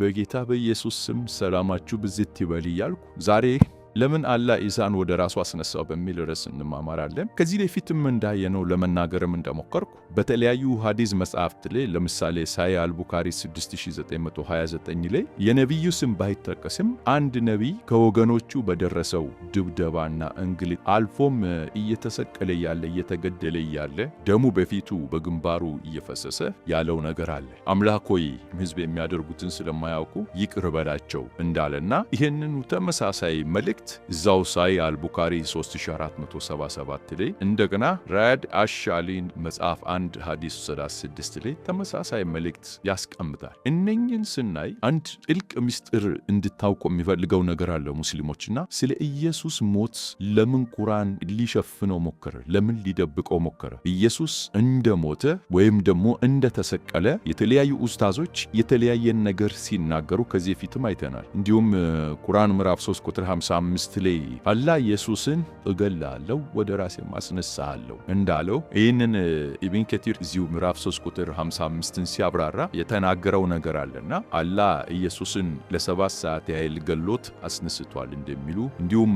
በጌታ በኢየሱስ ስም ሰላማችሁ ብዝት ይበል እያልኩ ዛሬ ለምን አላህ ኢሳን ወደ ራሱ አስነሳው በሚል ርዕስ እንማማራለን። ከዚህ በፊትም እንዳየነው ለመናገርም እንደሞከርኩ በተለያዩ ሀዲዝ መጽሐፍት ላይ ለምሳሌ ሳይ አልቡካሪ 6929 ላይ የነቢዩ ስም ባይጠቀስም አንድ ነቢይ ከወገኖቹ በደረሰው ድብደባና እንግልት አልፎም እየተሰቀለ ያለ እየተገደለ እያለ ደሙ በፊቱ በግንባሩ እየፈሰሰ ያለው ነገር አለ። አምላክ ሆይ ሕዝብ የሚያደርጉትን ስለማያውቁ ይቅር በላቸው እንዳለና ይህንኑ ተመሳሳይ መልእክት መልእክት እዛው ሳይ አልቡካሪ 3477 ላይ እንደገና ራያድ አሻሊን መጽሐፍ 1 ሐዲስ 36 ላይ ተመሳሳይ መልእክት ያስቀምጣል። እነኝን ስናይ አንድ ጥልቅ ምስጢር እንድታውቁ የሚፈልገው ነገር አለ ሙስሊሞችና ስለ ኢየሱስ ሞት ለምን ቁራን ሊሸፍነው ሞከረ? ለምን ሊደብቀው ሞከረ? ኢየሱስ እንደሞተ ወይም ደግሞ እንደተሰቀለ የተለያዩ ኡስታዞች የተለያየን ነገር ሲናገሩ ከዚህ ፊትም አይተናል። እንዲሁም ቁራን ምዕራፍ 3 ቁጥር 55 ምስትሌ አላ ኢየሱስን እገላለሁ ወደ ራሴ ማስነሳለሁ እንዳለው ይህንን ኢብን ከቲር እዚሁ ምዕራፍ 3 ቁጥር 55ን ሲያብራራ የተናገረው ነገር አለና አላ ኢየሱስን ለሰባት ሰዓት ያህል ገሎት አስነስቷል እንደሚሉ እንዲሁም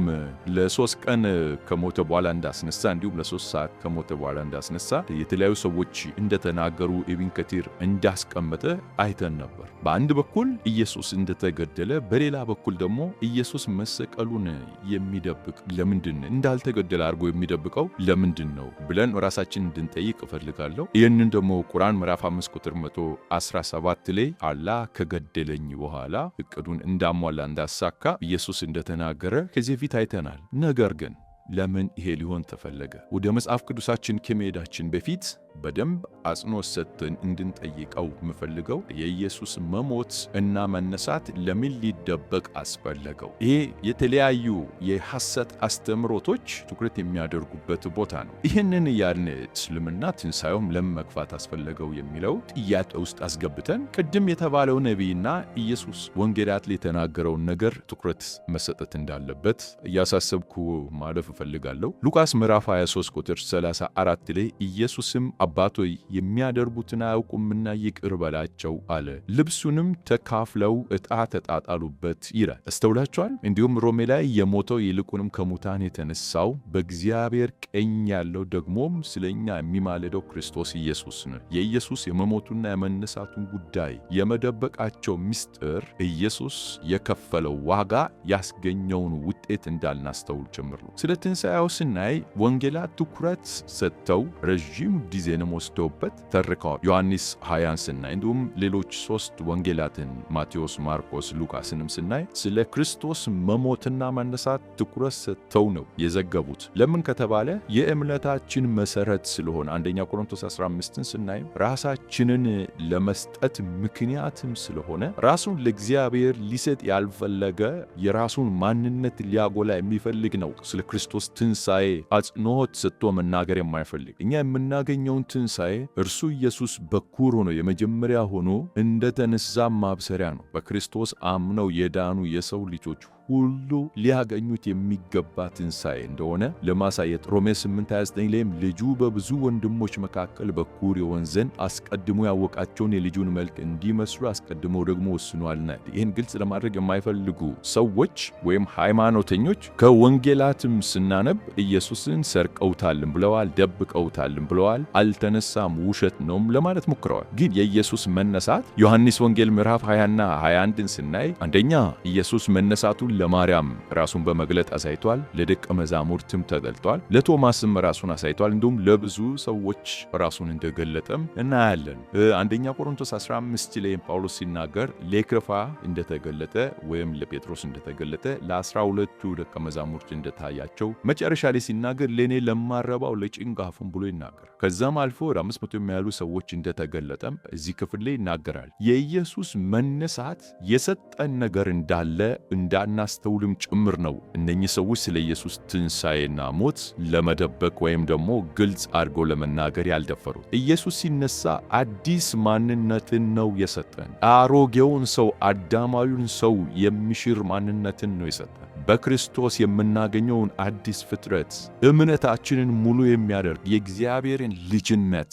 ለሶስት ቀን ከሞተ በኋላ እንዳስነሳ እንዲሁም ለሶስት ሰዓት ከሞተ በኋላ እንዳስነሳ የተለያዩ ሰዎች እንደተናገሩ ኢብን ከቲር እንዳስቀመጠ አይተን ነበር። በአንድ በኩል ኢየሱስ እንደተገደለ፣ በሌላ በኩል ደግሞ ኢየሱስ መሰቀሉን የሚደብቅ ለምንድን እንዳልተገደለ አድርጎ የሚደብቀው ለምንድን ነው ብለን ራሳችን እንድንጠይቅ እፈልጋለሁ። ይህንን ደግሞ ቁርአን ምዕራፍ 5 ቁጥር 117 ላይ አላህ ከገደለኝ በኋላ እቅዱን እንዳሟላ እንዳሳካ ኢየሱስ እንደተናገረ ከዚህ በፊት አይተናል። ነገር ግን ለምን ይሄ ሊሆን ተፈለገ? ወደ መጽሐፍ ቅዱሳችን ከመሄዳችን በፊት በደንብ አጽንኦት ሰጥተን እንድንጠይቀው የምፈልገው የኢየሱስ መሞት እና መነሳት ለምን ሊደበቅ አስፈለገው? ይሄ የተለያዩ የሐሰት አስተምሮቶች ትኩረት የሚያደርጉበት ቦታ ነው። ይህንን ያልን እስልምና ትንሣኤውም ለምን መግፋት አስፈለገው የሚለው ጥያቄ ውስጥ አስገብተን ቅድም የተባለው ነቢይና ኢየሱስ ወንጌላት የተናገረውን ነገር ትኩረት መሰጠት እንዳለበት እያሳሰብኩ ማለፍ እፈልጋለሁ። ሉቃስ ምዕራፍ 23 ቁጥር 34 ላይ ኢየሱስም አባቶይ የሚያደርጉትን አያውቁምና ይቅር በላቸው አለ። ልብሱንም ተካፍለው ዕጣ ተጣጣሉበት ይላል። አስተውላችኋል? እንዲሁም ሮሜ ላይ የሞተው ይልቁንም ከሙታን የተነሳው በእግዚአብሔር ቀኝ ያለው ደግሞም ስለኛ የሚማልደው ክርስቶስ ኢየሱስ ነው። የኢየሱስ የመሞቱና የመነሳቱን ጉዳይ የመደበቃቸው ምስጢር ኢየሱስ የከፈለው ዋጋ ያስገኘውን ውጤት እንዳልናስተውል ጭምር ነው። ስለ ትንሣኤው ስናይ ወንጌላት ትኩረት ሰጥተው ረዥም ጊዜ ወንጌልንም ወስደውበት ተርከዋል። ዮሐንስ 20 ስናይ እንዲሁም ሌሎች ሶስት ወንጌላትን ማቴዎስ፣ ማርቆስ፣ ሉቃስንም ስናይ ስለ ክርስቶስ መሞትና መነሳት ትኩረት ሰጥተው ነው የዘገቡት። ለምን ከተባለ የእምነታችን መሰረት ስለሆነ። አንደኛ ቆሮንቶስ 15ን ስናይ ራሳችንን ለመስጠት ምክንያትም ስለሆነ ራሱን ለእግዚአብሔር ሊሰጥ ያልፈለገ የራሱን ማንነት ሊያጎላ የሚፈልግ ነው። ስለ ክርስቶስ ትንሣኤ አጽንዖት ሰጥቶ መናገር የማይፈልግ እኛ የምናገኘውን ትንሣኤ እርሱ ኢየሱስ በኩር ሆኖ የመጀመሪያ ሆኖ እንደ ተነሳ ማብሰሪያ ነው። በክርስቶስ አምነው የዳኑ የሰው ልጆች ሁሉ ሊያገኙት የሚገባ ትንሣኤ እንደሆነ ለማሳየት ሮሜ 8፥29 ላይም ልጁ በብዙ ወንድሞች መካከል በኩር የሆን ዘንድ አስቀድሞ ያወቃቸውን የልጁን መልክ እንዲመስሉ አስቀድሞ ደግሞ ወስኗልና። ይህን ግልጽ ለማድረግ የማይፈልጉ ሰዎች ወይም ሃይማኖተኞች ከወንጌላትም ስናነብ ኢየሱስን ሰርቀውታልን ብለዋል፣ ደብቀውታልን ብለዋል፣ አልተነሳም፣ ውሸት ነውም ለማለት ሞክረዋል። ግን የኢየሱስ መነሳት ዮሐንስ ወንጌል ምዕራፍ 20ና 21ን ስናይ አንደኛ ኢየሱስ መነሳቱን ለማርያም ራሱን በመግለጥ አሳይቷል። ለደቀ መዛሙርትም ተገልጧል። ለቶማስም ራሱን አሳይቷል። እንዲሁም ለብዙ ሰዎች ራሱን እንደገለጠም እናያለን። አንደኛ ቆሮንቶስ 15 ላይ ጳውሎስ ሲናገር ለኬፋ እንደተገለጠ ወይም ለጴጥሮስ እንደተገለጠ ለ12ቱ ደቀ መዛሙርት እንደታያቸው መጨረሻ ላይ ሲናገር ለእኔ ለማረባው ለጭንጋፉም ብሎ ይናገራል። ከዛም አልፎ ወደ 500 የሚያሉ ሰዎች እንደተገለጠም እዚህ ክፍል ላይ ይናገራል። የኢየሱስ መነሳት የሰጠን ነገር እንዳለ እንዳና የሚያስተውልም ጭምር ነው። እነኚህ ሰዎች ስለ ኢየሱስ ትንሣኤና ሞት ለመደበቅ ወይም ደግሞ ግልጽ አድርጎ ለመናገር ያልደፈሩት። ኢየሱስ ሲነሳ አዲስ ማንነትን ነው የሰጠን። አሮጌውን ሰው አዳማዊውን ሰው የሚሽር ማንነትን ነው የሰጠን። በክርስቶስ የምናገኘውን አዲስ ፍጥረት እምነታችንን ሙሉ የሚያደርግ የእግዚአብሔርን ልጅነት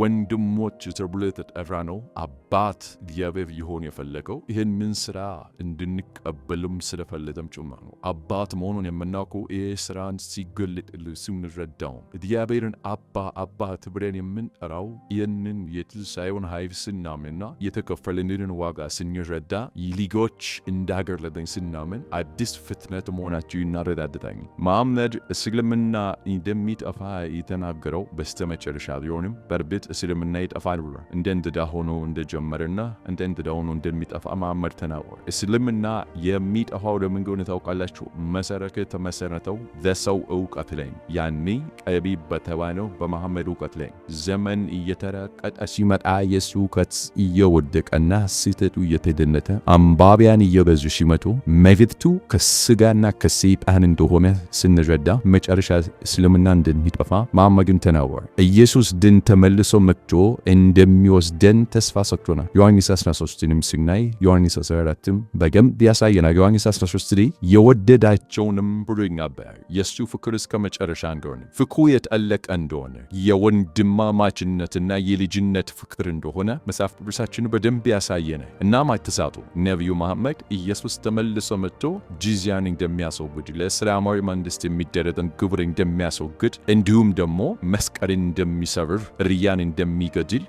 ወንድሞች ተብሎ የተጠራ ነው። አባት እግዚአብሔር ይሆን የፈለገው ይህን ምን ስራ እንድንቀበልም ስለፈለገም ጭማ ነው። አባት መሆኑን የምናውቀው ይህ ስራን ሲገልጥል ስንረዳው፣ እግዚአብሔርን አባ አባት ብለን የምንጠራው ይህንን የትንሣኤውን ኃይል ስናምንና የተከፈለልንን ዋጋ ስንረዳ፣ ልጆች እንዳገለልን ስናምን አዲስ ፍጥረት መሆናቸው ይናረዳድታል። መሐመድ እስልምና እንደሚጠፋ የተናገረው በስተመጨረሻ ቢሆንም በእርግጥ እስልምና ይጠፋል ብሏል። እንደ እንግዳ ሆኖ እንደጀመረና እንደ ሆኖ እንደሚጠፋ መሐመድ ተናግሯል። እስልምና የሚጠፋው ለምን እንደሆነ ታውቃላችሁ? መሰረቱ የተመሰረተው በሰው እውቀት ላይ ነው። ያኔ ቀቢብ በተባለው በመሐመድ እውቀት ላይ ዘመን እየተራቀቀ ሲመጣ የሱ እውቀት እየወደቀና ስህተቱ እየተደነተ አንባቢያን እየበዙ ሲመጡ መፍትሄቱ ከስጋና ከሰይጣን እንደሆነ ስንረዳ መጨረሻ እስልምና እንደሚጠፋ መሐመድም ተናግሯል። ኢየሱስ ድን ተመል መልሶ መጥቶ እንደሚወስደን ተስፋ ሰጥቶናል። ዮሐንስ 13ንም ስናይ ዮሐንስ 14ም በደንብ ያሳየናል። ዮሐንስ 13 ላይ የወደዳቸውንም ብሎኝ ነበር የእሱ ፍቅር እስከ መጨረሻ እንደሆነ ፍቅሩ የጠለቀ እንደሆነ የወንድማማችነትና የልጅነት ፍቅር እንደሆነ መጽሐፍ ቅዱሳችን በደንብ ያሳየነ እናም አትሳቱ ነቢዩ መሐመድ ኢየሱስ ተመልሶ መጥቶ ጂዚያን እንደሚያስወግድ ለእስላማዊ መንግስት የሚደረግን ግብር እንደሚያስወግድ እንዲሁም ደግሞ መስቀልን እንደሚሰብር ርያ ግድያን እንደሚገድል፣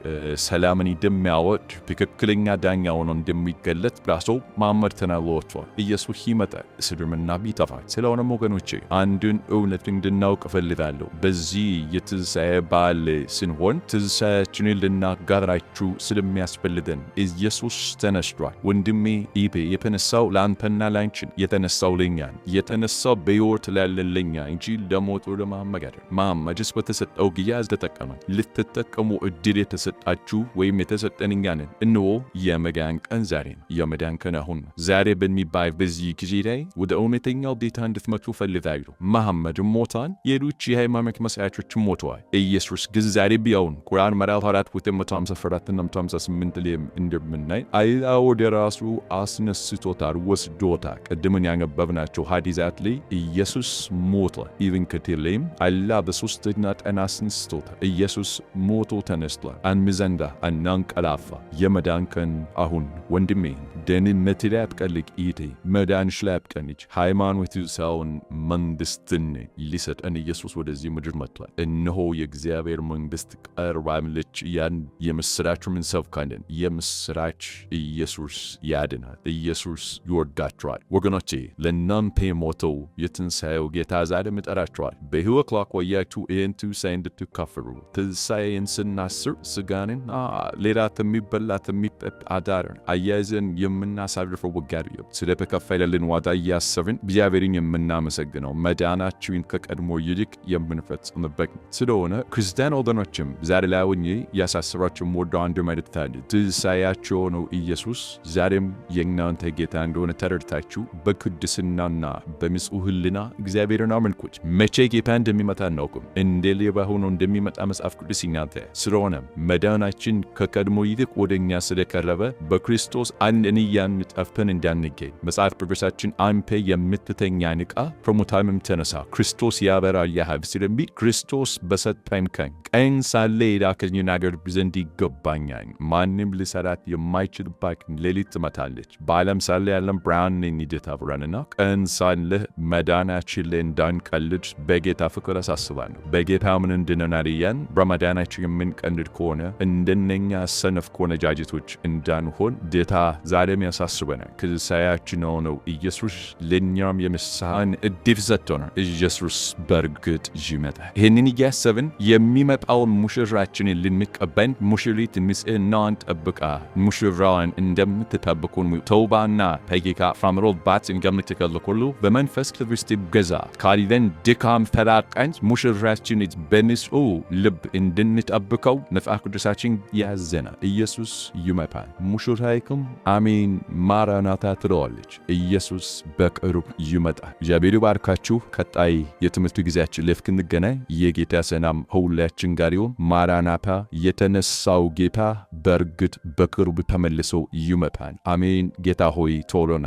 ሰላምን እንደሚያወድ፣ ትክክለኛ ዳኛ ሆኖ እንደሚገለጥ ራሱ መሐመድ ተናግሯል። ኢየሱስ ይመጣል፣ እስልምና ይጠፋል። ስለሆነም ወገኖቼ አንድን እውነት እንድናውቅ እፈልጋለሁ። በዚህ የትንሣኤ በዓል ስንሆን ትንሣኤያችንን ልናጋራችሁ ስለሚያስፈልገን ኢየሱስ ተነስቷል። ወንድሜ ኢቤ የተነሳው ለአንተና ላንችን የተነሳው ለኛ የተነሳው በሕይወት ላለን ለኛ እንጂ ለሞቶ ለማመጋደር ማመጅስ በተሰጠው ግያ አልተጠቀመም። ልትጠቀ እንድትጠቀሙ እድል የተሰጣችሁ ወይም የተሰጠን እኛ ነን። እንሆ የመዳን ቀን ዛሬ ነው። የመዳን ቀን አሁን ነው። ዛሬ በሚባል በዚህ ጊዜ ላይ ወደ እውነተኛው ቤታ እንድትመጡ ፈልጋሉ። መሐመድም ሞቷል። ሌሎች የሃይማኖት መስራቾችም ሞተዋል። ኢየሱስ ግን ዛሬ ቢያውን ቁርአን ምዕራፍ 4 ቁጥር 154ና 158 ላይ እንደምናይ አላ ወደ ራሱ አስነስቶታል፣ ወስዶታል። ቅድምን ያነበብናቸው ሀዲዛት ላይ ኢየሱስ ሞተ ኢብን ከቲር ላይም አላ በሶስተኛ ቀን አስነስቶታል። ኢየሱስ ሞ ከሞቶ ተነስቷል። አንምዘንዳ አናንቀላፋ። የመዳን ቀን አሁን ወንድሜ። ደህንነት ላይ አብቀልቅ ኢቴ መዳንሽ ላይ አብቀንች። ሃይማኖት ሳይሆን መንግሥትን ሊሰጠን ኢየሱስ ወደዚህ ምድር መጥቷል። እነሆ የእግዚአብሔር መንግሥት ቀርባለች። ያን የምሥራች እንሰብካለን። የምስራች ኢየሱስ ያድናል። ኢየሱስ ይወዳቸዋል ወገኖቼ። ለእናንተ የሞተው የትንሣኤው ጌታ ዛሬም ይጠራቸዋል። በሕይወት ላቆያችሁ ይህን ትንሣኤ እንድትካፈሉ ትንሣኤን ስናስብ ስጋንና ሌላ የሚበላት የሚጠጣ አዳር አያይዘን ወጋድ የምናሳልፈው ውጊያ ስለተከፈለልን ዋጋ እያሰብን እግዚአብሔርን የምናመሰግነው መዳናችን ከቀድሞ ይልቅ የምንፈጽምበት ስለሆነ ክርስቲያን ወገኖችም ዛሬ ላይ ሆኜ እያሳስባችሁ ወደው አንድ መልእክት አለ። ትንሣኤያችሁ የሆነው ኢየሱስ ዛሬም የእናንተ ጌታ እንደሆነ ተረድታችሁ በቅድስናና በንጹሕ ህልና እግዚአብሔርን አምልኩት። መቼ ጌታ እንደሚመጣ አናውቅም። እንደ ሌባ ሆኖ እንደሚመጣ መጽሐፍ ቅዱስ ይናገራል። እናንተ ስለሆነም መዳናችን ከቀድሞ ይልቅ ወደ እኛ ስለቀረበ በክርስቶስ አንድን እንያን ጠፍተን እንዳንገኝ መጽሐፍ ቅዱሳችን አንፔ የምትተኛ ንቃ፣ ከሙታንም ተነሳ፣ ክርስቶስ ያበራል ያህብ ስለሚል ክርስቶስ በሰጠኝ ቀን ቀን ሳለ የላከኝን አደርግ ዘንድ ይገባኛል። ማንም ሊሰራት የማይችልባት ሌሊት ትመታለች። በዓለም ሳለ ያለም ብርሃን ነን አብረንና ቀን ሳለ መዳናችን ላይ እንዳንቀልድ በጌታ ፍቅር አሳስባለሁ። በጌታ ምን እንድንናርያን በመዳናችን ሰዎች የምንቀንድ ከሆነ እንደነኛ ሰነፍ ቆነጃጅቶች እንዳንሆን ድታ ዛሬም ያሳስበናል። ነው ነው ኢየሱስ ለእኛም የንስሐን ዕድል ሰጥቶናል። ኢየሱስ በእርግጥ ይመጣል። ይህንን እያሰብን የሚመጣውን ሙሽራችንን ልንቀበን ሙሽሪት ንጽሕናዋን ጠብቃ ሙሽራዋን እንደምትጠብቁን ተውባና ፈገግታ አምሮባት እንደምትከል ሁሉ በመንፈስ ቅዱስ ትገዛ ካሊለን ድካም ተላቀን ሙሽራችን በንጹሕ ልብ እንድን ጠብቀው መጽሐፍ ቅዱሳችን ያዘና ኢየሱስ ይመጣል፣ ሙሽራይቱም አሜን ማራናታ ትለዋለች። ኢየሱስ በቅርብ ይመጣል። እግዚአብሔር ባርካችሁ። ቀጣይ የትምህርት ጊዜያችን ልፍክ እንገናኝ። የጌታ ሰናም ከሁላችን ጋር ይሁን። ማራናታ፣ የተነሳው ጌታ በእርግጥ በቅርብ ተመልሶ ይመጣል። አሜን። ጌታ ሆይ ቶሎና